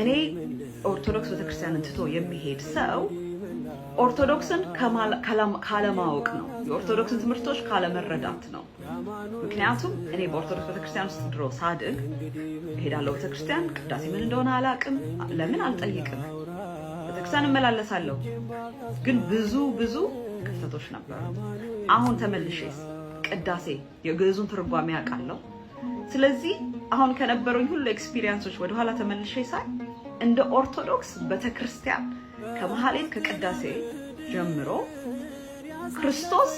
እኔ ኦርቶዶክስ ቤተክርስቲያንን ትቶ የሚሄድ ሰው ኦርቶዶክስን ካለማወቅ ነው። የኦርቶዶክስን ትምህርቶች ካለመረዳት ነው። ምክንያቱም እኔ በኦርቶዶክስ ቤተክርስቲያን ውስጥ ድሮ ሳድግ እሄዳለሁ ቤተክርስቲያን፣ ቅዳሴ ምን እንደሆነ አላቅም። ለምን አልጠይቅም? ቤተክርስቲያን እመላለሳለሁ። ግን ብዙ ብዙ ክፍተቶች ነበሩ። አሁን ተመልሼስ ቅዳሴ የግዕዙን ትርጓሜ ያውቃለሁ። ስለዚህ አሁን ከነበሩኝ ሁሉ ኤክስፒሪየንሶች ወደኋላ ተመልሼ ሳይ እንደ ኦርቶዶክስ ቤተክርስቲያን ከመሐሌት ከቅዳሴ ጀምሮ ክርስቶስ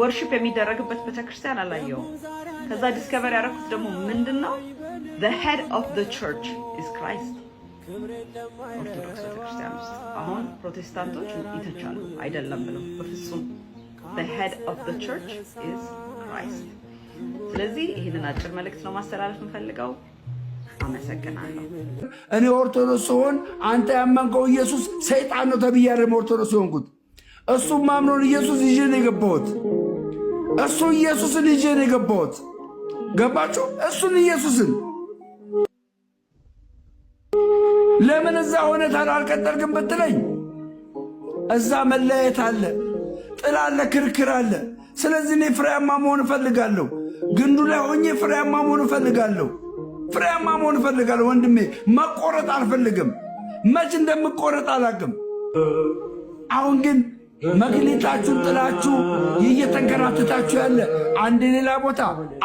ወርሽፕ የሚደረግበት ቤተክርስቲያን አላየውም። ከዛ ዲስከቨር ያደረኩት ደግሞ ምንድን ነው ሄድ head of the ኦርቶዶክስ ቤተክርስቲያን ውስጥ አሁን ፕሮቴስታንቶች ይተቻሉ አይደለም ብለው በፍጹም ሄድ head of the ስለዚህ ይህንን አጭር መልእክት ነው ማስተላለፍ የምፈልገው አመሰግናለሁ። እኔ ኦርቶዶክስ ሲሆን አንተ ያመንከው ኢየሱስ ሰይጣን ነው ተብያለም ኦርቶዶክስ የሆንኩት እሱም ማምኖን ኢየሱስ ይዤ ነው የገባሁት። እሱ ኢየሱስን ይዤ ነው የገባሁት። ገባችሁ? እሱን ኢየሱስን ለምን እዛ ሆነ ታዲያ አልቀጠልክም ብትለኝ፣ እዛ መለያየት አለ፣ ጥል አለ፣ ክርክር አለ። ስለዚህ እኔ ፍሬያማ መሆን እፈልጋለሁ። ግንዱ ላይ ሆኜ ፍሬያማ መሆን እፈልጋለሁ። ፍሬያማ መሆን እፈልጋለሁ ወንድሜ። መቆረጥ አልፈልግም። መች እንደምቆረጥ አላቅም። አሁን ግን መግሌታችሁን ጥላችሁ እየተንከራተታችሁ ያለ አንድ ሌላ ቦታ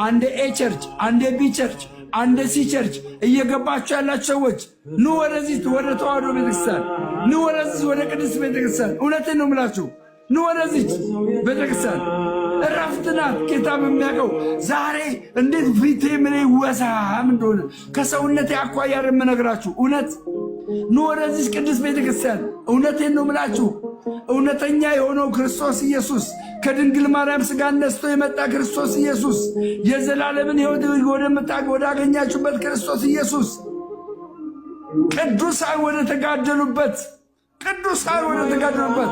አንድ ኤ ቸርች፣ አንድ ቢ ቸርች፣ አንድ ሲ ቸርች እየገባችሁ ያላችሁ ሰዎች ኑ ወደዚህ ወደ ተዋህዶ ቤተክርስቲያን ኑ ወደዚህ ወደ ቅድስት ቤተክርስቲያን እውነትን ነው ምላችሁ ኑ ወደዚች ቤተክርስቲያን ናት ጌታም የሚያውቀው ዛሬ እንዴት ፊቴ ምን ወሳም እንደሆነ ከሰውነት አኳያ የምነግራችሁ እውነት ኑ ወደዚህ ቅዱስ ቤተክርስቲያን። እውነቴን ነው ምላችሁ። እውነተኛ የሆነው ክርስቶስ ኢየሱስ ከድንግል ማርያም ሥጋ ነስቶ የመጣ ክርስቶስ ኢየሱስ የዘላለምን ሕይወት ወዳገኛችሁበት ክርስቶስ ኢየሱስ ቅዱሳን ወደ ተጋደሉበት ቅዱሳን ወደ ተጋደሉበት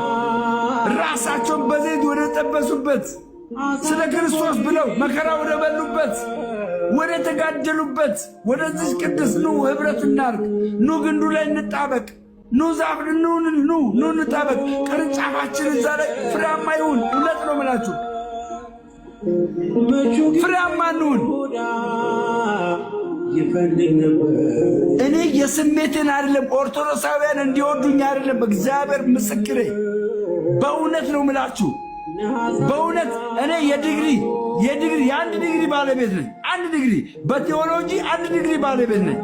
ራሳቸውን በዘይት ወደ ጠበሱበት ስለ ክርስቶስ ብለው መከራ ወደ በሉበት ወደ ተጋደሉበት ወደዚህ ቅዱስ ኑ ህብረት እናርግ። ኑ ግንዱ ላይ እንጣበቅ። ኑ ዛፍ ኑ ኑ ኑ እንጣበቅ። ቅርንጫፋችን እዛ ላይ ፍሬያማ ይሁን። እውነት ነው ምላችሁ ፍሬያማ ንሁን። እኔ የስሜትን አይደለም ኦርቶዶክሳውያን እንዲወዱኝ አይደለም። እግዚአብሔር ምስክሬ በእውነት ነው ምላችሁ በእውነት እኔ የድግሪ የድግሪ የአንድ ዲግሪ ባለቤት ነኝ። አንድ ዲግሪ በቴዎሎጂ አንድ ዲግሪ ባለቤት ነኝ።